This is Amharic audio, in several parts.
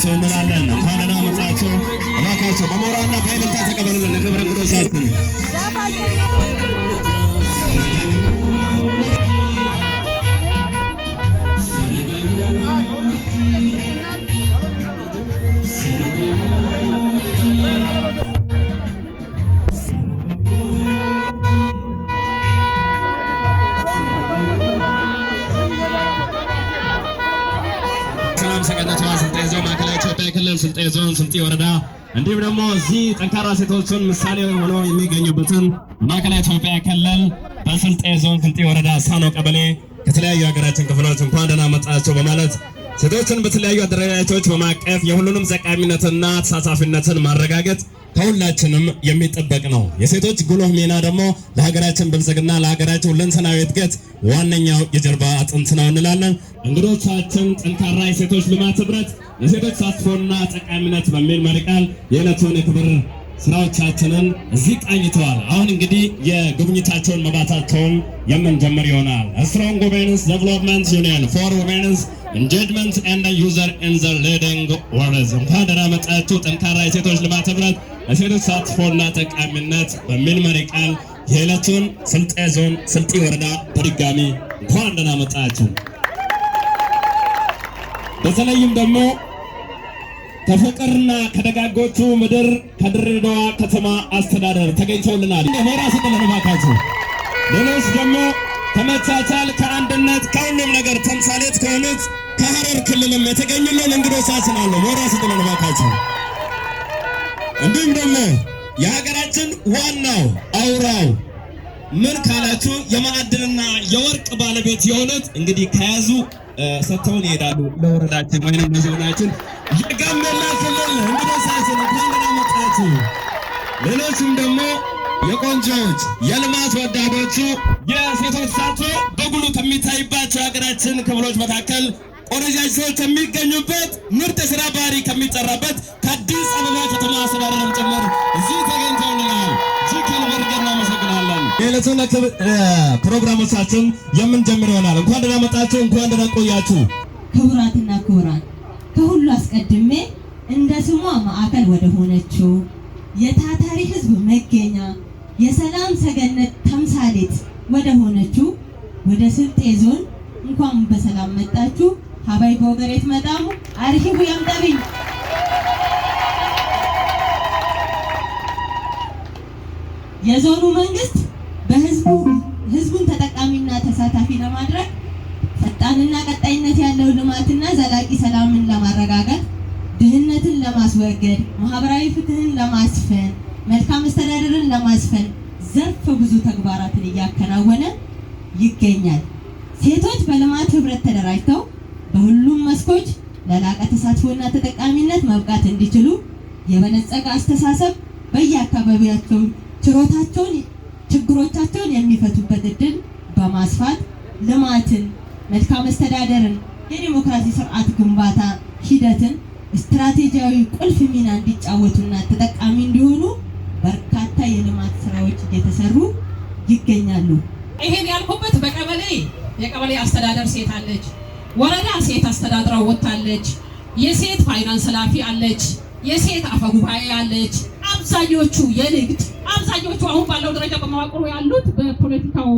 መጣችሁ እንላለን። እንኳን ደህና መጣችሁ እባካችሁ። በሞራና በእልልታ ተቀበሉልን ክብረ ቅዱሳትን የሆነችዋ ስልጤ ዞን ማዕከላዊ ኢትዮጵያ ክልል ስልጤ ዞን ስልጤ ወረዳ እንዲሁም ደግሞ እዚህ ጠንካራ ሴቶችን ምሳሌ ሆኖ የሚገኙበትን ማዕከላዊ ኢትዮጵያ ክልል በስልጤ ዞን ስልጤ ወረዳ ሳኖ ቀበሌ ከተለያዩ ሀገራችን ክፍሎች እንኳን ደህና መጣችሁ በማለት ሴቶችን በተለያዩ አደረጃጀቶች በማቀፍ የሁሉንም ጠቃሚነትና ተሳታፊነትን ማረጋገጥ ከሁላችንም የሚጠበቅ ነው። የሴቶች ጉልህ ሚና ደግሞ ለሀገራችን ብልጽግና ለሀገራችን ሁለንተናዊ እድገት ዋነኛው የጀርባ አጥንት ነው እንላለን። እንግዶቻችን ጠንካራ የሴቶች ልማት ህብረት የሴቶች ተሳትፎና ጠቃሚነት በሚል መሪ ቃል የዕለቱን የክብር ስራዎቻችንን እዚህ ቃኝተዋል። አሁን እንግዲህ የጉብኝታቸውን መባታቸውን የምንጀምር ይሆናል። ስትሮንግ ዊሜንስ ዴቨሎፕመንት ዩኒየን ፎር ዊሜንስ ኢንጌጅመንት ኤንድ ዩዘር ኢን ዘ ሊዲንግ ወርልድ እንኳን ደህና መጣችሁ። ጠንካራ የሴቶች ልማት ህብረት ለሴቶች ተሳትፎና ጠቃሚነት በሚል መሪ ቃል የዕለቱን ስልጤ ዞን ስልጤ ወረዳ በድጋሚ እንኳን ደህና መጣችሁ። በተለይም ደግሞ ከፍቅርና ከደጋጎቹ ምድር ከድሬዳዋ ከተማ አስተዳደር ተገኝቶልናል። ሞራ ስጥልን ሌሎች ደግሞ ከመቻቻል ከአንድነት ከሁሉም ነገር ተምሳሌት ከሆኑት ከሀረር ክልልም የተገኙልን እንግዶቻችን አሉ። ወራ ስጥልን እባካችሁ። እንዲሁም ደግሞ የሀገራችን ዋናው አውራው ምን ካላችሁ የማዕድንና የወርቅ ባለቤት የሆኑት እንግዲህ ከያዙ ሰጥተውን ይሄዳሉ። ለወረዳችን ወይም ለዞናችን የጋምቤላ ክልል እንግዶቻችን እንኳን ደህና መጣችሁ። ሌሎችም ደግሞ የቆንጆዎች የልማት ወዳዶቹ የሴቶች ተሳትፎ በጉልህ ከሚታይባቸው ሀገራችን ክፍሎች መካከል ቆነጃጅቶች ከሚገኙበት ምርጥ ስራ ባህሪ ከሚጠራበት ከአዲስ አበባ ከተማ አስተዳደርም ጭምር እዚህ ተገኝተውልናል። ጅክል በርገ እናመሰግናለን። ፕሮግራሞቻችን የምንጀምር ይሆናል። እንኳን ደህና መጣችሁ፣ እንኳን ደህና ቆያችሁ። ክቡራትና ክቡራት ከሁሉ አስቀድሜ እንደ ስሟ ማዕከል ወደ ሆነችው የታታሪ ህዝብ መገኛ የሰላም ሰገነት ተምሳሌት ወደ ሆነችው ወደ ስልጤ ዞን እንኳን በሰላም መጣችሁ። ሀባይ በወገሬት መጣሙ አርሂቡ ያምጠብኝ የዞኑ መንግስት በህዝቡ ህዝቡን ተጠቃሚና ተሳታፊ ለማድረግ ፈጣንና ቀጣይነት ያለው ልማትና ዘላቂ ሰላምን ለማረጋጋት ድህነትን ለማስወገድ ማህበራዊ ፍትህን ለማስፈን መልካም መስተዳደርን ለማስፈን ዘርፈ ብዙ ተግባራትን እያከናወነ ይገኛል። ሴቶች በልማት ህብረት ተደራጅተው በሁሉም መስኮች ለላቀ ተሳትፎና ተጠቃሚነት መብቃት እንዲችሉ የበለጸገ አስተሳሰብ በየአካባቢያቸው ችሮታቸውን ችግሮቻቸውን የሚፈቱበት እድል በማስፋት ልማትን፣ መልካም አስተዳደርን፣ የዲሞክራሲ ስርዓት ግንባታ ሂደትን ስትራቴጂያዊ ቁልፍ ሚና እንዲጫወቱና ተጠቃሚ እንዲሆኑ በርካታ የልማት ስራዎች እየተሰሩ ይገኛሉ። ይሄን ያልኩበት በቀበሌ የቀበሌ አስተዳደር ሴት አለች፣ ወረዳ ሴት አስተዳድራ ወጥታለች፣ የሴት ፋይናንስ ኃላፊ አለች፣ የሴት አፈ ጉባኤ አለች። አብዛኞቹ የንግድ አብዛኞቹ አሁን ባለው ደረጃ በመዋቅሩ ያሉት በፖለቲካው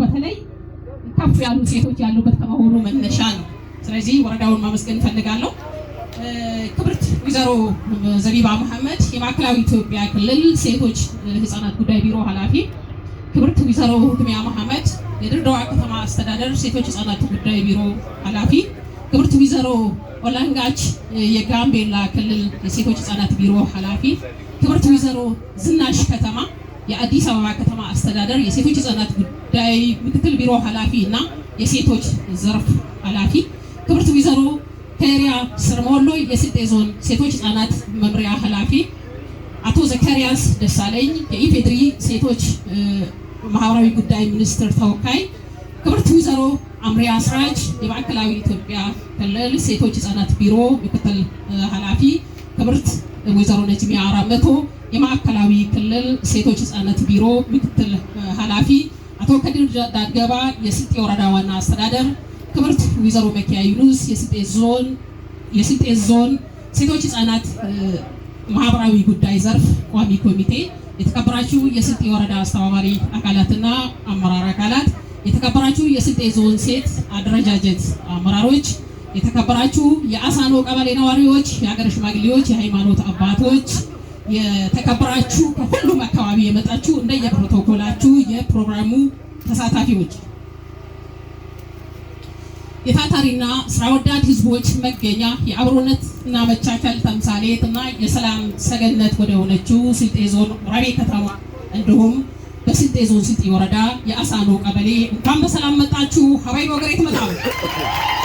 በተለይ ከፍ ያሉ ሴቶች ያሉበት ከመሆኑ መነሻ ነው። ስለዚህ ወረዳውን ማመስገን እፈልጋለሁ። ክብርት ወይዘሮ ዘቢባ መሐመድ የማዕከላዊ ኢትዮጵያ ክልል ሴቶች ህፃናት ጉዳይ ቢሮ ኃላፊ፣ ክብርት ወይዘሮ ህክሚያ መሐመድ የድሬዳዋ ከተማ አስተዳደር ሴቶች ህፃናት ጉዳይ ቢሮ ኃላፊ፣ ክብርት ወይዘሮ ኦላንጋች የጋምቤላ ክልል የሴቶች ህፃናት ቢሮ ኃላፊ፣ ክብርት ወይዘሮ ዝናሽ ከተማ የአዲስ አበባ ከተማ አስተዳደር የሴቶች ህፃናት ጉዳይ ምክትል ቢሮ ኃላፊ እና የሴቶች ዘርፍ ኃላፊ፣ ክብርት ወይዘሮ ከሪያ ስርሞሎ የስልጤ ዞን ሴቶች ህጻናት መምሪያ ኃላፊ አቶ ዘካሪያስ ደሳለኝ የኢፌድሪ ሴቶች ማህበራዊ ጉዳይ ሚኒስትር ተወካይ ክብርት ወይዘሮ አምሪያ ስራጅ፣ የማዕከላዊ ኢትዮጵያ ክልል ሴቶች ህጻናት ቢሮ ምክትል ኃላፊ ክብርት ወይዘሮ ነጅሚያ አራመቶ የማዕከላዊ ክልል ሴቶች ህጻናት ቢሮ ምክትል ኃላፊ አቶ ከድር ዳገባ፣ የስልጤ ወረዳ ዋና አስተዳደር ክብርት ወይዘሮ መኪያ ዩኑስ የስልጤ ዞን ሴቶች ህጻናት ማህበራዊ ጉዳይ ዘርፍ ቋሚ ኮሚቴ፣ የተከበራችሁ የስልጤ ወረዳ አስተባባሪ አካላትና አመራር አካላት፣ የተከበራችሁ የስልጤ ዞን ሴት አደረጃጀት አመራሮች፣ የተከበራችሁ የአሳኖ ቀበሌ ነዋሪዎች፣ የሀገር ሽማግሌዎች፣ የሃይማኖት አባቶች፣ የተከበራችሁ ከሁሉም አካባቢ የመጣችሁ እንደየፕሮቶኮላችሁ የፕሮግራሙ ተሳታፊዎች የታታሪና ስራ ወዳድ ህዝቦች መገኛ የአብሮነትና መቻቻል ተምሳሌትና የሰላም ሰገነት ወደ ሆነችው ስልጤ ዞን ወራቤ ከተማ እንዲሁም በስልጤ ዞን ስልጤ ወረዳ የአሳኖ ቀበሌ እንኳን በሰላም መጣችሁ። ሀባይ ወገሬ ትመጣሉ